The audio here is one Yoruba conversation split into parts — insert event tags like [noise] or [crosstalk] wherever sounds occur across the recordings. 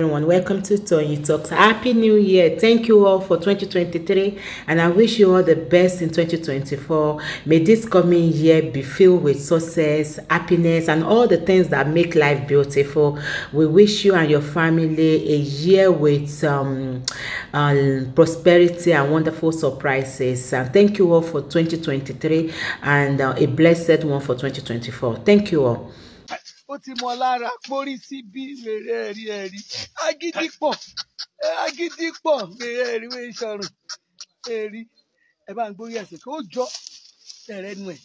everyone welcome to Tony Talks happy new year thank you all for 2023 and i wish you all the best in 2024 may this coming year be filled with success happiness and all the things that make life beautiful we wish you and your family a year with um, um prosperity and wonderful surprises and thank you all for 2023 and uh, a blessed one for 2024 thank you all ó ti mọ lára pórí sí bí wèrè ẹ̀rí ẹ̀rí agídí pọ̀ agídí pọ̀ wèrè ẹ̀rí wèrè sọ̀rùn ẹ̀rí ẹ bá ń gbórí ẹsẹ̀ kó jọ ẹ̀rẹ́ nu ẹ̀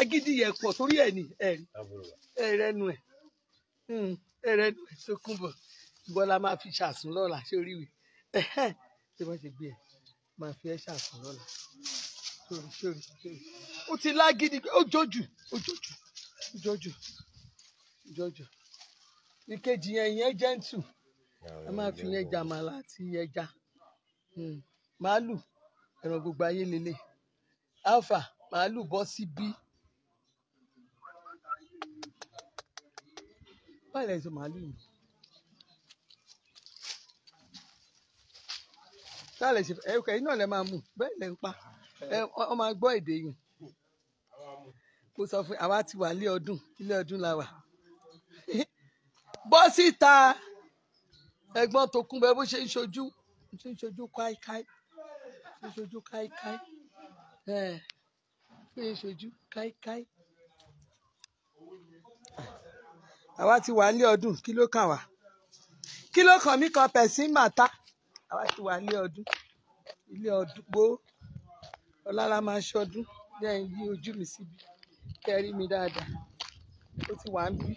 agídí yẹn pọ̀ torí ẹ̀ ní ẹ̀rí ẹ̀rẹ́ nu ẹ̀ hmm, ẹ̀rẹ́ nu ẹ̀ Tókunbọ̀ bọ́lá máa fi ṣàsùn lọ́la sórí wì ṣé wọ́n ṣe gbé ẹ̀ máa fi ẹ̀ ṣàsùn lọ́la sórí sórí sórí ó ti lágídí ó jọjù ó jọjù ó jọjù jọjọ ìkejì yẹn yẹn gentle ẹ máa fi yẹn jà màlà àti ẹja hmm. màálù ẹran gbogbo ayé lélẹ̀ alpha màálù bọ́ sí bí. báyìí lẹ́yìn màálù yìí. tá a lè ṣe ẹ̀ka yìí náà lè máa mú bẹ́ẹ̀ lè ń pa ọ máa gbọ́ èdè yìí kó sọ fún àwa ti wà ilé ọdún ilé ọdún la wà bọ́ síta ẹ̀gbọ́n tó kún bẹ bó ṣe ń ṣojú ṣe ń ṣojú káíkáí ṣe ń ṣojú káíkáí ẹ ṣe ń ṣojú káíkáí. àwa ti wà nílé ọdún kí ló kàn wá kí ló kàn mí kan pẹ̀sìn màtá àwa ti wà nílé ọdún ilé ọdún gbó ọlára máa ń ṣọdún lẹ́yìn yí ojú mi síbi kẹ́rí mi dáadáa ó ti wà ń bí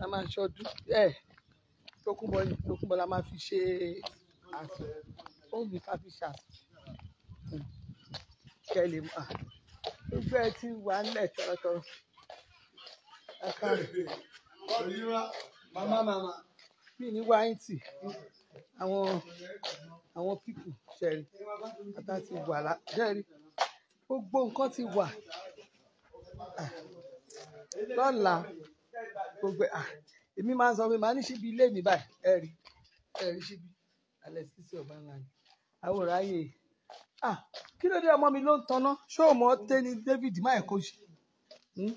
la máa ṣọdún ẹ tókùnbọ ni tókùnbọ la máa fi ṣe àṣọ òbí ká fi ṣe àṣọ kẹ lè mọ gbogbo ẹ ti wà nílẹ̀ tọrọtọrọ ẹ káàrọ̀. mama mama mi ní wáyìntì àwọn àwọn pípù ṣẹ̀rí ata ti wà lá ṣẹ̀rí gbogbo nǹkan ti wà lọ́la gbogbo ẹ̀ ah, èmi máa ń sọ pé màá ní síbi ilé mi báyìí ẹ rí ẹ rí síbi alẹ́ sísè ọba ńlá ni àwòrán ayé ah kí ló dé ọmọ mi ló ń tanná ṣé o mọ tẹni David máa kó ṣe. Hmm?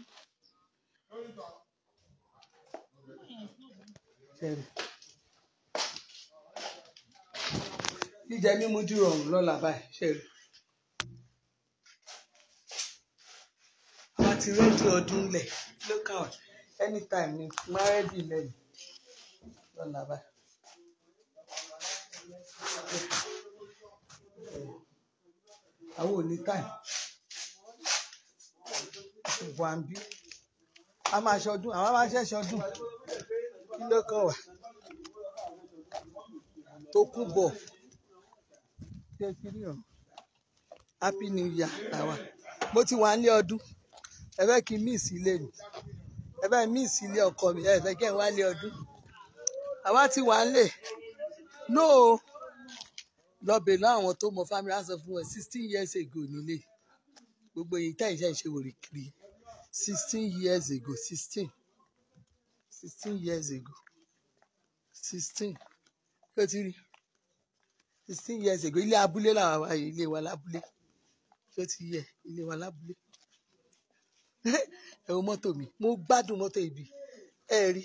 jíjẹ mímú dúró ọ̀hún lọ́la báyìí ṣe rí. àwa ti rédíò ọdún lẹ̀ lókàwé anytime ni márẹ́dì lẹ́yìn lọ́la báyìí. àwọn ò ní táì wà ń bí a máa ṣọdún àwọn máa ṣẹ́ ṣọdún kí ló kàn wá tó kú bọ̀ happy new year tàwa mo ti wà nílé ọdún ẹ fẹ́ kí n mí ìsílẹ̀ ẹ bá mi sí ilé ọkọ mi ẹ fẹ́ kẹ́ ẹ wá lé ọdún àwa ti wà ń lè no lọ́bẹ̀ láwọn tó mọ family house fún wọn sixteen years ago nílé gbogbo èyí tẹ́yìn ṣe ń ṣe wòrì kiri sixteen years ago sixteen sixteen years ago sixteen kí o ti rí sixteen years ago ilé abúlé làwọn àyè ilé wa lábúlé kí o ti yẹ ilé wa lábúlé ẹ wo mọ́tò mi mo gbádùn mọ́tò ibi ẹ rí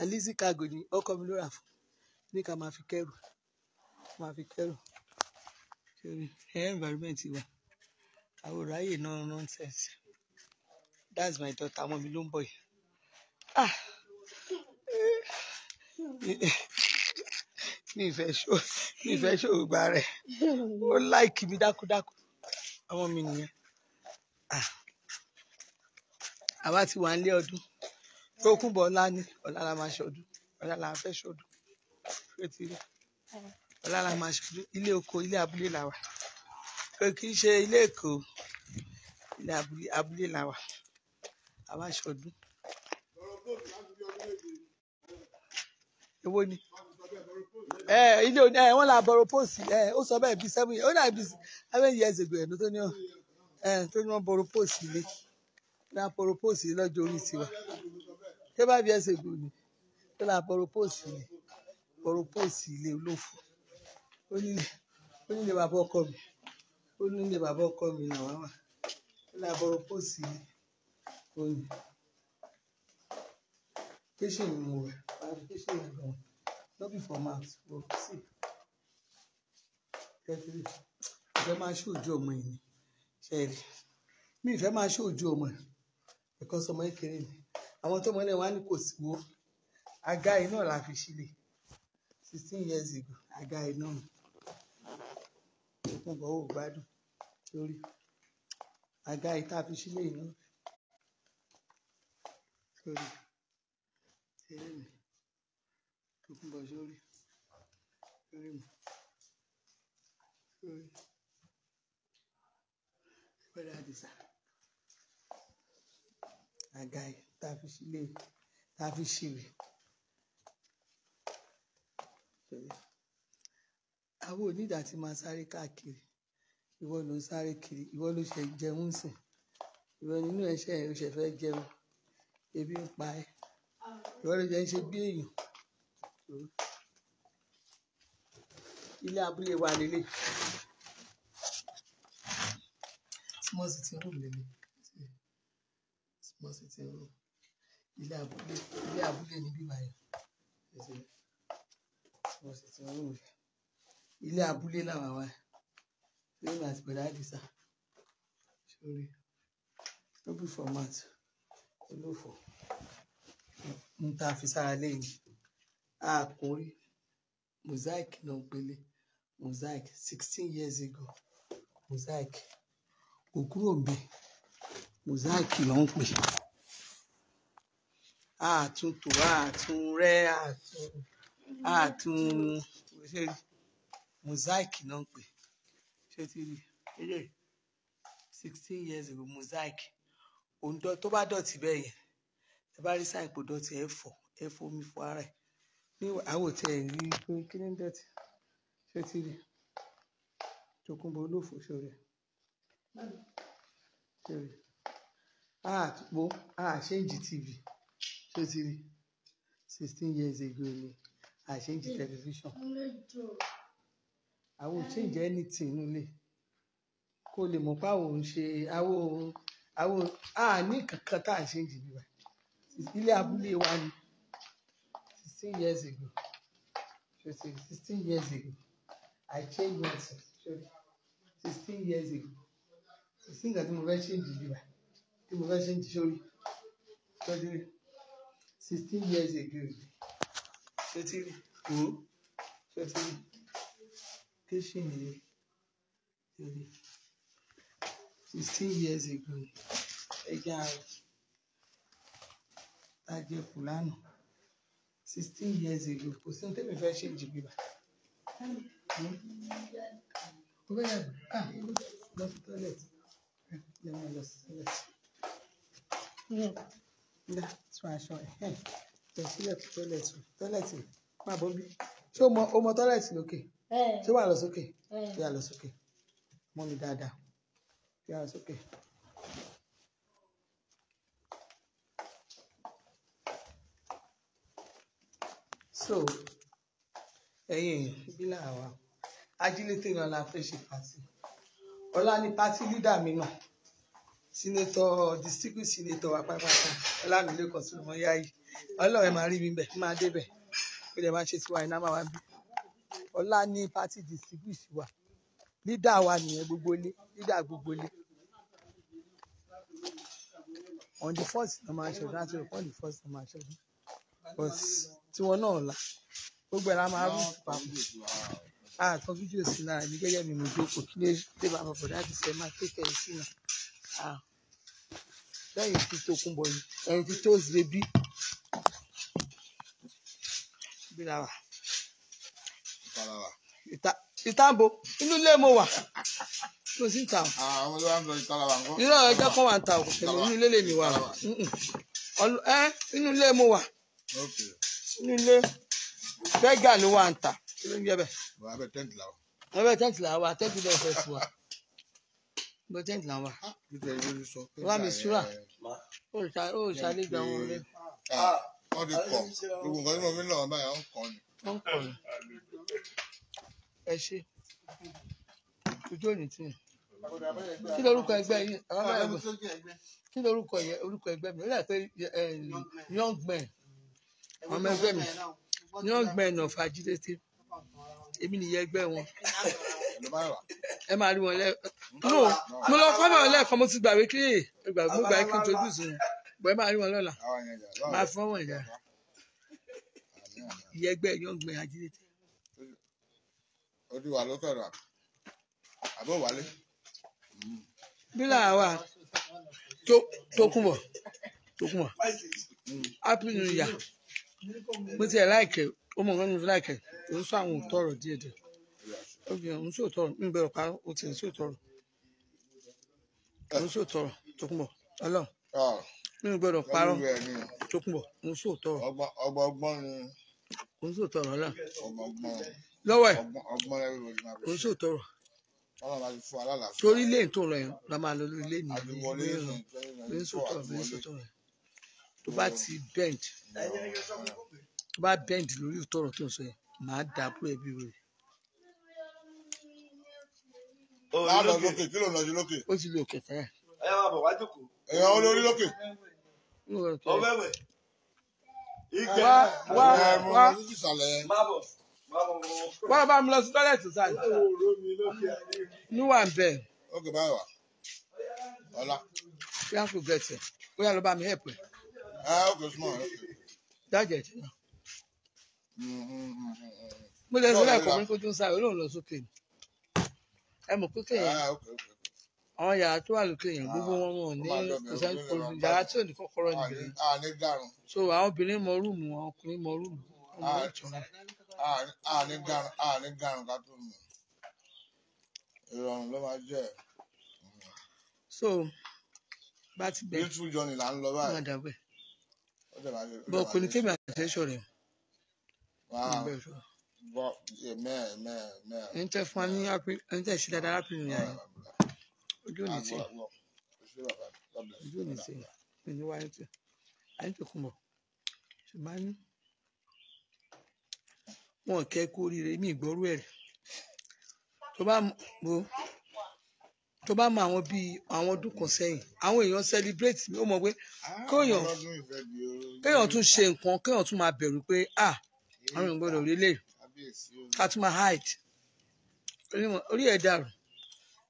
alizi cargo ni ọkọ mi ló rà fún ní ká máa fi kẹrù máa fi kẹrù sórí ẹ environment wa àwòrán ayé náà nonsense that's my daughter ọmọ mi ló ń bọ̀ yìí ah [laughs] mi ìfẹ́ ṣó mi ìfẹ́ ṣó gba rẹ̀ ó láìkì mi dákúdákú ọmọ mi nìyẹn ah àwa ti wà nílé ọdún Tókunbọ̀ ọlá ni ọlá la máa ṣọdún ọlá la fẹ́ ṣọdún ọlá la máa ṣọdún ilé oko ilé abúlé la wà pé kì í ṣe ilé èkó ilé abúlé la wà àwa ṣọdún. èwo ni ẹ ilé oní ẹ wọn là bọrọ pósì ẹ ó sọ bẹ́ẹ̀ bíi seven years ago ẹ ló tó ní ọ wọn bọrọ pósì ilé la propose lọ́jọ́ orí tiwa ṣé bá bí ẹsẹ̀ gùn ni ṣé la propose ni propose ilé olófò ó nílé bàbá ọkọ mi ó nílé bàbá ọkọ mi náà wá wà ṣé la propose ni ó ní patient mo wẹ̀ patient yẹn gan no be for mouth but see kẹ́kiri ìfẹ́ máa ṣe ojú ọmọ yìí ni ṣe mi ìfẹ́ máa ṣe ojú ọmọ yìí because ọmọ kékeré ni àwọn tó mọ́lẹ̀ wá ní kò sí wo àga iná la fi sílẹ̀ sixteen years ago àga iná mi òkun bọ̀ ò gbádùn lórí àga ìta fi sílẹ̀ iná sórí eré mi òkun sórí eré mi sórí ìpẹ́rẹ́ àdìsá àga yìí tá a fi sílé tá a fi ṣìrè. àwọn onídà ti máa sáré káàkiri ìwọ ló ń sáré kiri ìwọ ló ṣe jẹun sìn ìwọ nínú ẹṣẹ ẹ ṣe fẹ́ jẹun ebi ń pa ẹ ìwọ ló ṣe ń ṣe bí èèyàn ilé abúlé wa lélẹ̀ tí wọ́n sì ti rò lélẹ̀ mo sì ti ń rò ilé abúlé ilé abúlé ní bíbá yẹn mo sì ti ń rò rẹ ilé abúlé làwọn wa lẹ́yìn àti pẹ̀lú àdìsá sórí no be format olófò n ta fi sára lẹ́yìn àkórí mosaic náà gbélé mosaic sixteen years ago mosaic kò kúrò ń mosaic ló ń pè àtúntò àtúnrẹ àtún àtún mosaic ló ń pè ṣé ti rí ilé sixteen years ago mosaic òǹdọ tó bá dọ̀tí bẹ́ẹ̀ yẹn ẹ bá rí sáà ipò dọ̀tí ẹ fọ ẹ fọ omi fọ ara ẹ ní àwòtẹ ẹ rí i pé kí ni dọ̀tí ṣé ti rí Tòkunbọ̀ olófòóṣó rẹ. Thank you àpò àṣẹ́ǹjì tv tó ti rí sixteen years ago ni àṣẹ́ǹjì ah, television àwọn òṣèǹjì anything nílé kó lè mọ̀ pé àwọn òun ṣe àwọn àwọn àní kankan tá à ń ṣe jìnnì wa ilé abúlé wa ni sixteen years ago sixteen years ago I change one thing sixteen years ago sixteen years ago sixteen years ago mo fẹ́ ṣe jìnnì tí mo fẹ́ ṣe ń ti sórí tọ́júrí sixteen years ago ṣètìrì wò ó ṣètìrì tẹ́sán yìí tẹ̀lé sixteen years ago ẹja tajẹ fúlànà sixteen years ago kò sí ní tẹ́mi fẹ́ ṣe jù bíbá mo hmm? fẹ́ yàgbé ah lọ sí tọ́lẹ̀tì lọ sí tọ́lẹ̀tì ńlá hmm. tún aṣọ ẹ̀ tẹ̀ sílẹ̀ fún tọ́lẹ̀tì tọ́lẹ̀tì máa bọ́ bí ṣé o mọ tọ́lẹ̀tì lókè ṣé wàá lọ sókè ṣé wàá lọ sókè mọ́ mi dáadáa ṣé wàá lọ sókè. so ẹ̀yin èèyàn bí làwa ajílété náà la fẹ́ ṣe pàtì ọlá ní pàtì lídà mi náà senator distinguished senator wa pátápátá ọlámilẹ́kan sọlọmọ yáyí ọlọ́run ẹ máa rí mi bẹ̀ ẹ máa débẹ̀ ó lè máa ṣe tiwa iná máa wá bí ọlá ní party distinguished wa leader wa nìyẹn gbogbo ilé leader gbogbo ilé on the first na máa ṣọdún láti rò on the first na máa ṣọdún but tiwọn náà la gbogbo ẹ̀ la máa rú papọ̀ àtọ fídíò sí náà ní gẹ́gẹ́ mi mo jókòó kí lè dé bàbá bọ̀dá àti sẹ́ẹ̀ máa kékeré sí náà. Ah when you fit Tokunbo yìí ẹ̀yin ti toast baby bíláwà ìta ìtàbò inú ilé mo wà kò sí ìta o irú ọ̀rọ̀ ẹjọ́ kan wà ń ta o ah, tẹ̀lé inú ilé lè mi wà ẹ inú ilé mo wà inú ilé bẹ́gà ló wà ń ta kí ló ń yẹ bẹ́ẹ̀. wà á bẹ tẹ́ǹtì làwọn. tẹ́ǹtì làwọn tẹ́ǹtì lọ́wọ́ fẹ́ sí wa gbọ́ tẹ́ǹtì náà wà. Ah, wá mi sùúrà ó ṣàlejò àwọn ọ̀rẹ́. wọ́n ti kọ̀ gbogbo nǹkan tí mo fi ń lọ wọn báyìí wọ́n kọ́ ni. wọ́n kọ́ ni. ẹ ṣe ojú òní tì yẹn kí lorúkọ ẹgbẹ́ yín ah, kí lorúkọ yẹ orúkọ ẹgbẹ́ mi ó dà pé eh, young men ọmọ ẹgbẹ́ mi young men of agility èmi nìyẹn ẹgbẹ́ wọn ẹ máa rí wọn lẹ no mo lọ kọ́ bẹ̀rẹ̀ lẹ́ẹ̀kan mo ti gbàgbé kí mo gbàgbé kí n tó dùn sùn bọ́ ẹ máa rí wọn lọ́la máa fọ́ wọn ìyá ìyẹn ẹgbẹ́ yóò gbẹ ajínigbé. ó ti wà lókè rà àbó wálé. bílà wa tó kún bọ̀ tó kún bọ̀ happy new year mo ti ẹ̀ láìkẹ́ ó nǹkan mi láìkẹ́ òun sọ àwọn òtọrọ díẹ̀ díẹ̀ obìnrin òun sì òtọrọ mi bẹ̀rẹ̀ pa o tiẹ̀ sí òtọrọ òun sì òtọrọ tó kún bọ̀ ọlọ́run mi ah. gbọ́dọ̀ parọ́ tó kún bọ̀ òun sì òtọrọ ọgbọgbọ́n ni òun sì òtọrọ ọlọ́run lọ́wọ́ ẹ̀ òun sì òtọrọ torí lẹ́yìn tó lọ yẹn la máa lọ lórí lẹ́yìn lẹ́yìn sọ̀tọ̀ lẹ́yìn sọ̀tọ̀ rẹ̀ tó bá ti bend tó bá bend lórí ìtọ̀rọ̀ tó ń sọ yẹn màá dà pé ẹbí rẹ. báà lọ lókè kí ló ń lọjú lókè. ó ti lè òkè tẹ́lẹ̀. ẹ̀yà wà bọ̀ wá jókòó. ẹ̀yà wọn lórí lókè. ọ̀wẹ́wẹ̀. ìgbẹ́ wá wá má bọ̀ wọ́n bá mi lọ sí tọ́lẹ̀tì sáà. níwà ń bẹ̀. ok báyìí wá. ọ̀la. bí a kò gẹ̀ẹ́sì bóyá bá mi hẹ̀pẹ̀. ẹ ah, ok small. dájẹ̀ ti náà mo lè sọ lẹ́ẹ̀kọ́ mi kó tó ń sáré olóhùn lọ sókè ni ẹ mọ̀ pé kéèyàn ah, àwọn yàrá tó wà lókè yẹn gbogbo ah, wọn wọn ní yàrá tí ò ní kọ́kọ́rọ́ nìyẹn ah, so àwọn obìnrin mọ rúùmù àwọn ọkùnrin mọ rúùmù ọmọ ìtàn. àní garun àní garun ká tó mọ ìrọ̀rùn ló máa jẹ́ so bá ti bẹ. bí tún jọ ni là ń lọ báyìí. bọ̀ kò ní kébì àtẹ̀sọ̀ rẹ̀. Wow. But, yeah, man, man, man. Ẹni tẹ́ fún wa ní April, ẹni tẹ́ ṣe dáadáa April ní ayé. Ah, Ojú òní sí. Ojú òní sí. Mi ní wáyé tí. Ayé tó kún bọ̀. Ṣùgbọ́n ní. Wọ́n kẹ́ kú oríire mí ìgbọ́rú ẹ̀rì. Tó bá mo tó bá mọ àwọn bíi àwọn ọdún kan sẹ́yìn àwọn èèyàn celebrate ó ah àwọn ìgbọ́dọ̀ orílẹ̀ ká tún máa hide orí ẹ̀ dàrú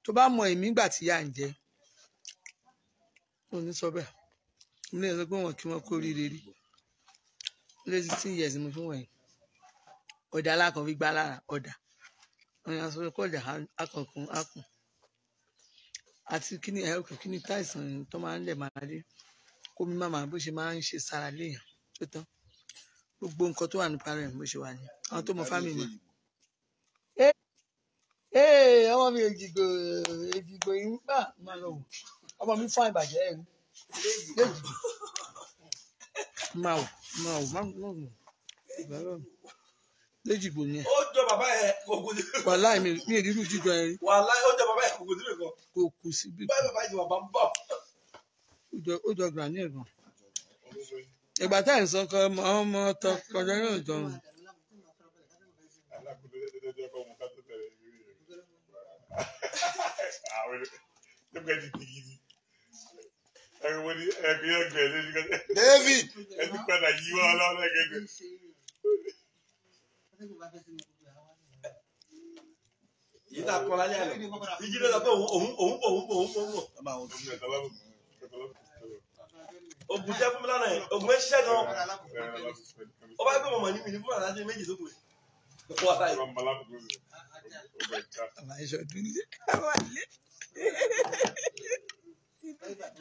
tó bá mọ èmi gbà tí yà ń jẹ òun ní sọ bẹ́ẹ̀ mo lè sọ pé wọn kí wọn kó oríire rí lórí tí yẹ̀sì mo fún wọ̀nyí ọ̀dà alákan fi gbá lára ọ̀dà wọn sọ pé kọ̀dà akọ̀kùn akùn àti kíni ẹ̀rọ̀kọ̀ kíni táìsàn tó máa ń lẹ̀ máa rí kó mi máa bó ṣe máa ń ṣe sára léèyàn tó tán gbogbo nǹkan tó wà ní parent mo ṣe wà ní àwọn tó mọ family mi. ee ọmọ mi èjìgbò èjìgbò yìí ń gbà máa lọ wò ọmọ mi fún àìbàjẹ́ ẹ̀ èjìgbò máa wò máa wò máa wò ìbára mi léjìgbò yẹn. ó jọ bàbá ẹ kòkòrò nínú. wàláì mi mi ìrírú jíjọ ẹ rí. ó jọ bàbá ẹ kòkòrò nínú kò kù síbi. báyìí bàbá ìjọba ń bọ̀. ó jọ granny ẹ̀ gan ìgbà tá à ń sọkọ ọmọ ọmọ tọkọjọ yóò jọun. David. yìí ta kọ́ lálẹ́ àná ìjì ló sọ pé òun òun òun òun òun òun oògùn jẹ́ fún mi lánàá yẹn oògùn méjì ṣiṣẹ́ gan ọ bá gbé mọ̀mọ́ ní mi ní fún àlàáfíà méjì tó kù yẹn kó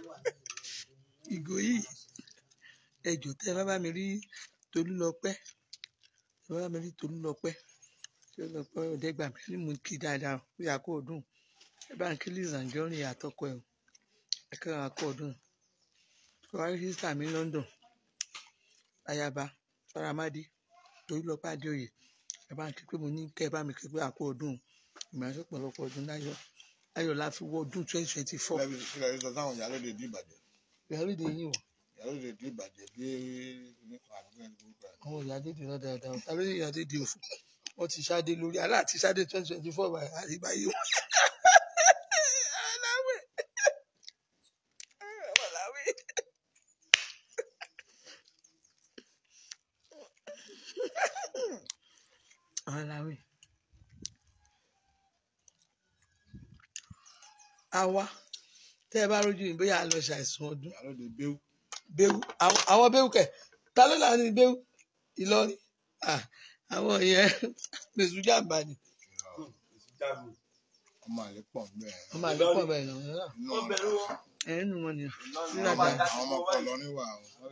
wá ìgò yìí ẹjọ tẹ bá mi rí Tolúlọpẹ́ tẹ bá bá mi rí Tolúlọpẹ́ Tolúlọpẹ́ ọdẹgbàmí ni mo kí dáadáa ó yà kó o dùn ẹ bá ń kí Lizzy Anjorin àtọkọ ẹ o ẹ kẹrin àkọ ọdún wá rí sísà mi London ayaba faramadi Tolúlọpọ̀ Adéoyè ẹ bá ń kí pé mo ní kẹ́ ẹ bá mi kí pé àkó ọdún ìmọ̀ràn pọ̀lọpọ̀ ọdún láyọ̀ láyọ̀ la fi wọ ọdún twenty twenty four. kílẹ̀ yìí sọ sáwọn ìyá lóde dí Ìbàdàn. ìyá lóde yín o. ìyá lóde dí Ìbàdàn bí nípa àdúgbò ẹni gbogbo ẹ. àwọn ìyá dédé lọ dáadáa ta ló ní ìyá dédé òfò wọn ti ṣáde lórí aláàtí ṣáde twenty twenty four àríbáyé wọn. Malawi àwa tẹ́ ẹ bá rójú yìí bóyá a lọ ṣàìsùn ọdún béwu àwọn béwu kẹ ta ló láàánú béwu Ìlọrin àwọn yẹn pèsè jàǹbá ni. ọmọ àlè pọ̀ bẹ́ẹ̀. ọmọ àlè pọ̀ bẹ́ẹ̀ lọ́wọ́ ẹnu wọn ni sílàdà. àwọn ọmọ kan lọ níwà wọn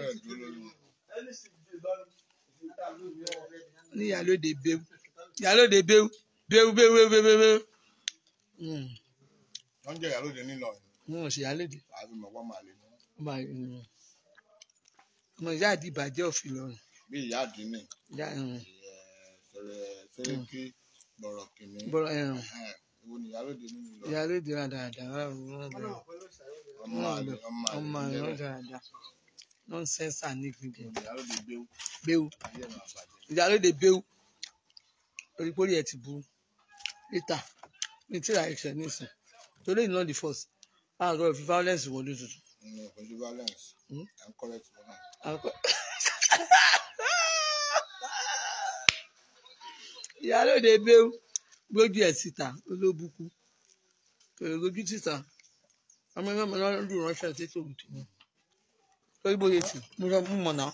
lè dúró lórí wọn ní ìyálóde bẹ́ẹ̀ ìyálóde bẹ́ẹ̀ bẹ́ẹ̀ bẹ́ẹ̀ bẹ́ẹ̀ bẹ́ẹ̀. wọ́n jẹ́ ìyálóde nílọ yìí. wọ́n ṣe ìyálóde. àbí mọ̀ wọ́n máa lè ní. ọmọ ìyá àdì ìbàjẹ́ òfin lọ́rùn. bí ìyá àdì ní. Hmm. sẹ́rẹ́kì bọ̀rọ̀ kìnní. bọ̀rọ̀ hmm. ẹ̀rùn. ìwo ni ìyálóde nínú lọ. ìyálóde rà dáadáa. ọmọ àlè ọmọ àlè nọ́nsẹ́nsà ní gbìngbìn. Béwu. Ìyálóde béwu. Orípórí ẹ̀ ti burú. Níta ní tíra ẹ̀ṣẹ̀ ní ìsìn. Torí ìná the first. A gbọ́dọ̀ fi violence wọlé tuntun. Pẹ̀lú violence. I'm correct. Ìyálóde béwu. Gbójú ẹ̀ síta olóbùkú. Kèrè lójú síta. Ọmọ ẹgbẹ́ mi lọ́dún ránṣẹ́ sí tòun tòun torí bóyá tù mo sọ fún mọ̀nà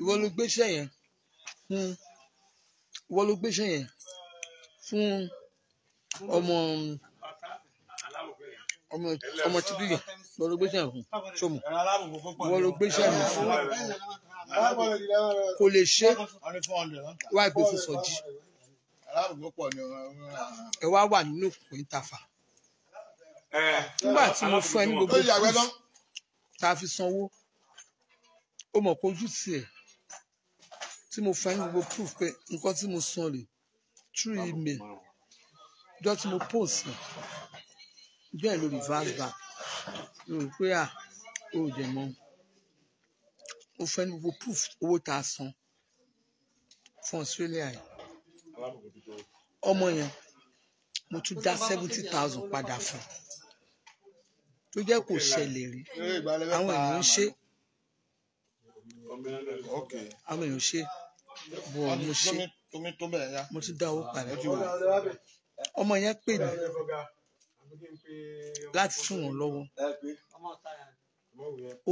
ìwọ ló gbéṣẹ́ yẹn fún ìwọ ló gbéṣẹ́ yẹn fún ọmọ ọmọ ọmọ tìbí yẹn ìwọ ló gbéṣẹ́ yẹn fún sọmọ ìwọ ló gbéṣẹ́ yẹn fún kò lè ṣe wá ìpè fún sọjí ẹ wá wà nínú òkùnkùn ìtafà nígbà tí mo fún ẹ ní gbogbo tá a fi sanwó ó mọ̀ pé ojú tiẹ̀ tí mo fa yín gbogbo proof pé nǹkan tí mo san rè through email ọjọ́ tí mo post bẹ́ẹ̀ ló reverse back mo rò pé à ah, ó jẹ mọ́ mo fẹ́ ní gbogbo proof owó tá a san fún Australia yìí ọmọ yẹn mo tún dá seventy thousand padà fún un tó jẹ́ kó ṣẹlẹ̀ rí àwọn èèyàn ń ṣe àwọn èèyàn ń ṣe bọ̀ mo ṣe mo ti dáwọ́ padà ọmọ yẹn pè mí láti tún wọn lọ́wọ́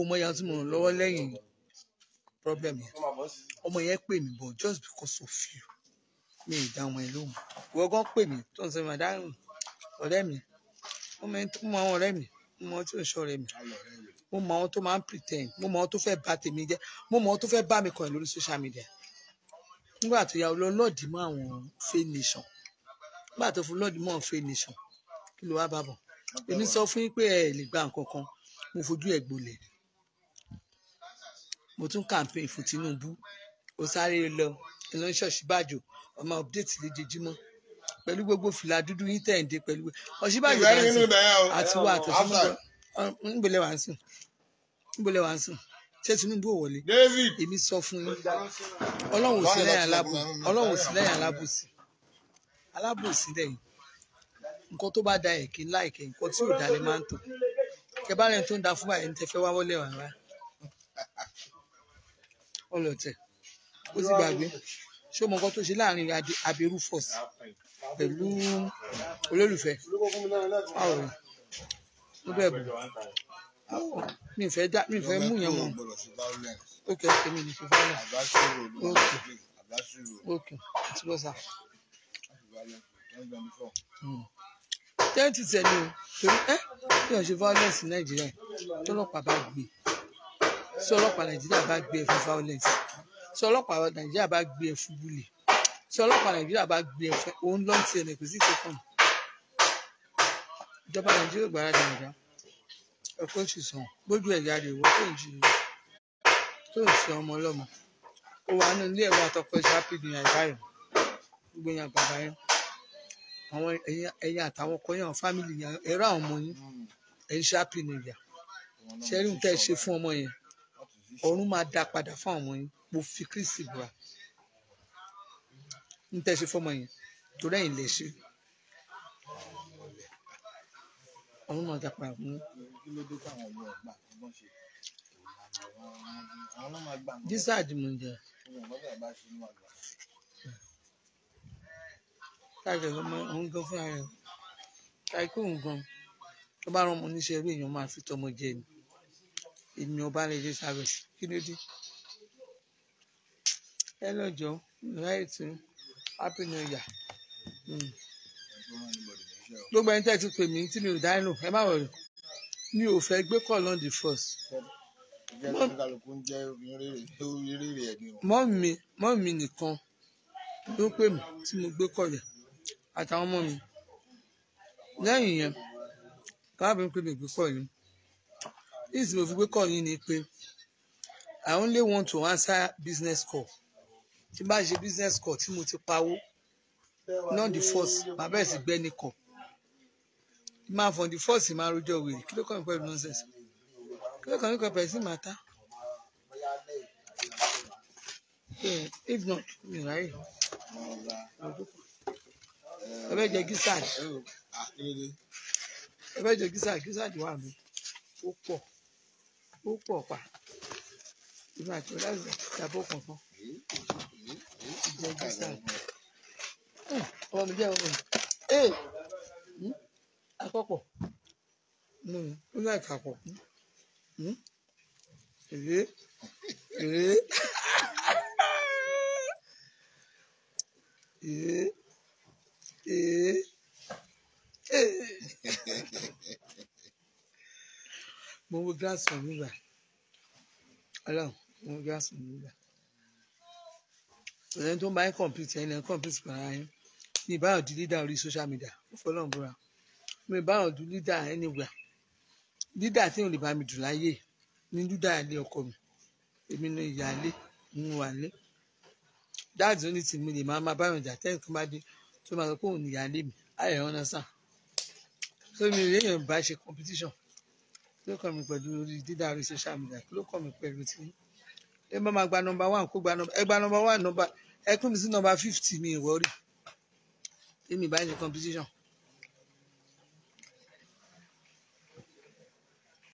ọmọ yẹn tún wọn lọ́wọ́ lẹ́yìn problem yẹn ọmọ yẹn pè mí but just because of you mi ì dá wọn lóhùn ìwọ gan pè mí tó ń sọ ma dáhùn ọ̀rẹ́ mi ó mọ àwọn ọ̀rẹ́ mi mo mọ tí ò ṣọrẹ mi mo mọ àwọn tó máa ń pretend mo mọ àwọn tó fẹ́ bà tèmi jẹ́ mo mọ àwọn tó fẹ́ bá mi kọyìn lórí social media nígbà tó yà ọlọ́ọ̀dì mọ́ àwọn fake nation nígbà tó fún ọlọ́ọ̀dì mọ́ àwọn fake nation kí ló wá bá bọ̀ èmi sọ fún yín pé ẹ lè gba nǹkan kan mo fojú ẹ gbolẹ̀ mo tún campaign fún Tinubu ó sáré lọ ìlànà ṣọ̀ṣì bàjọ́ ọmọ update lójoojúmọ́ pẹ̀lú gbogbo fìlà dúdú yín tẹ̀ ń dé pẹ̀lú Ọ̀ṣínbàjò dáńsì àti wà àtẹ̀síwájú ńbẹ̀lẹ̀ wà ń sùn ńbẹ̀lẹ̀ wà ń sùn ṣé Tinubu ò wọlé èmi sọ fún yín Ọlọ́run ò sí lẹ́yìn alábòsí Ọlọ́run ò sí lẹ́yìn alábòsí alábòsí lẹ́yìn nǹkan tó bá da ẹ̀kí láìkẹ́ nǹkan tí ò da lè máa ń tò kẹ bá rẹ̀ tó ń da fún àyẹ̀ ń tẹ́ fẹ́ wá wọlé wà rárá ọlọ́tẹ̀ ó sì gbàgbé ṣé o mọ nǹkan tó ṣe láàrin abirú pẹ̀lú olólùfẹ́ àwòrán mo bẹ̀ bù mi fẹ́ dá mi fẹ́ mú yẹn mọ́ ok ok mi ní fífọ́ náà ok ok ti bọ́ sá. ten to ten o torí ẹ bí wọ́n ṣe violence nàìjíríà tọ́lọ́pàá bá gbé sọ́lọ́pàá nàìjíríà bá gbé ẹ fún violence sọ́lọ́pàá nàìjíríà bá gbé ẹ fún bullying tí ọlọ́pàá nàìjíríà bá gbé e ẹ fún òun lọ́n ti ẹ̀lẹ́kù sí ti kàn ìjọba nàìjíríà gbáradì nìyà ẹ̀kọ́ sì sàn gbójú ẹ̀yà rẹ̀ wọ́n tó ń ṣe tó ń ṣe ọmọ ọlọ́mọ ó wà nínú ilé ẹ̀rọ àtọkọ ìṣàpì gbìyàn ìbáyọ̀ gbìyàn bàbá yẹn àwọn ẹ̀yìn àtàwọn ọkọ yẹn fámìlì yẹn ẹ̀rọ àwọn ọmọ yẹn ẹ̀yìn ṣàpì nìyà ṣẹ́rí ń tẹ́ ṣe fún ọmọ yẹn ọ̀run máa dá padà fún àwọn yẹn mo fi Kristi bùrà ń tẹ́ ṣe fọmọ yẹn torí ẹ̀yin lè ṣe àwọn náà japa mú. dísà àdìmọ̀jà. káàkiri ọmọ òun gan fúnra rẹ̀ káàkiri òun gan tó bá rán ọmọ oníṣẹ́ eré èèyàn máa fi tọmọ jẹ ni èmi ọba lè ṣe sáré kí ló dé ẹ lọ́jọ́ ìráyè tí ó happy new year. gbogbo ẹni tẹ́ ti pè mí tí mi ò dáínù ẹ má wọ̀rọ̀ mi ò fẹ́ gbé call on first. mọ́ mi nìkan ló pè mí tí mo gbé call yẹn àtàwọn ọmọ mi lẹ́yìn yẹn káàbọ̀ ń pè gbé call yẹn ní ìsìn mo fi gbé call yẹn ni pé I only want to answer business call tí bá ṣe business call tí mo ti pawó not the first bàbá ẹ̀ sì gbẹ́ni kọ̀ máa fọ̀n the first máa rojọ́ wèrè kí ló kàn mí pẹ̀lú nonsense kí ló kàn mí pẹ̀lú sí màtá if not mi ráyè ẹ bẹ jẹ gisad ẹ bẹ jẹ gisad gisad wà mí ó pọ̀ ó pọ̀ pa ìmọ̀ àti ọ̀dà ìjàbọ̀ kankan. Hmm, ọmọ mi jẹ́ ọmọ mi ee akọ́pọ̀ mo ń láì kàpọ̀ èrè èrè èrè èrè mo wo gíláàsì mi gbà ọlọ́run mo wo gíláàsì mi gbà ẹni tó ń bá yín compete ẹni ẹ̀ ń compete pẹ̀lú ara yín mi ì leader orí social media ó fọlọ́ ń búra mi ì bá ọ̀dù leader anywhere leader tí ò lè bá mi dùn láyé ní leader ilé ọkọ mi èmi ní ìyáálé ń wà lé dáàdì ó ní tì mí lè máa máa báyọ̀ jà tẹ́lẹ̀ tó bá dé tó máa sọ pé òun ìyáálé mi ayọ̀ ọ̀nà sàn tó mi rí èèyàn bá ṣe competition ló kàn mí pẹ̀lú orí dídá orí social media ló kàn mí pẹ̀lú tí ẹ bá máa gba number one kó gba number ẹ gba number one number ẹ pín mi sí nọ́mbà fifty mi ìwọ́rí èmi báyìí ní competition.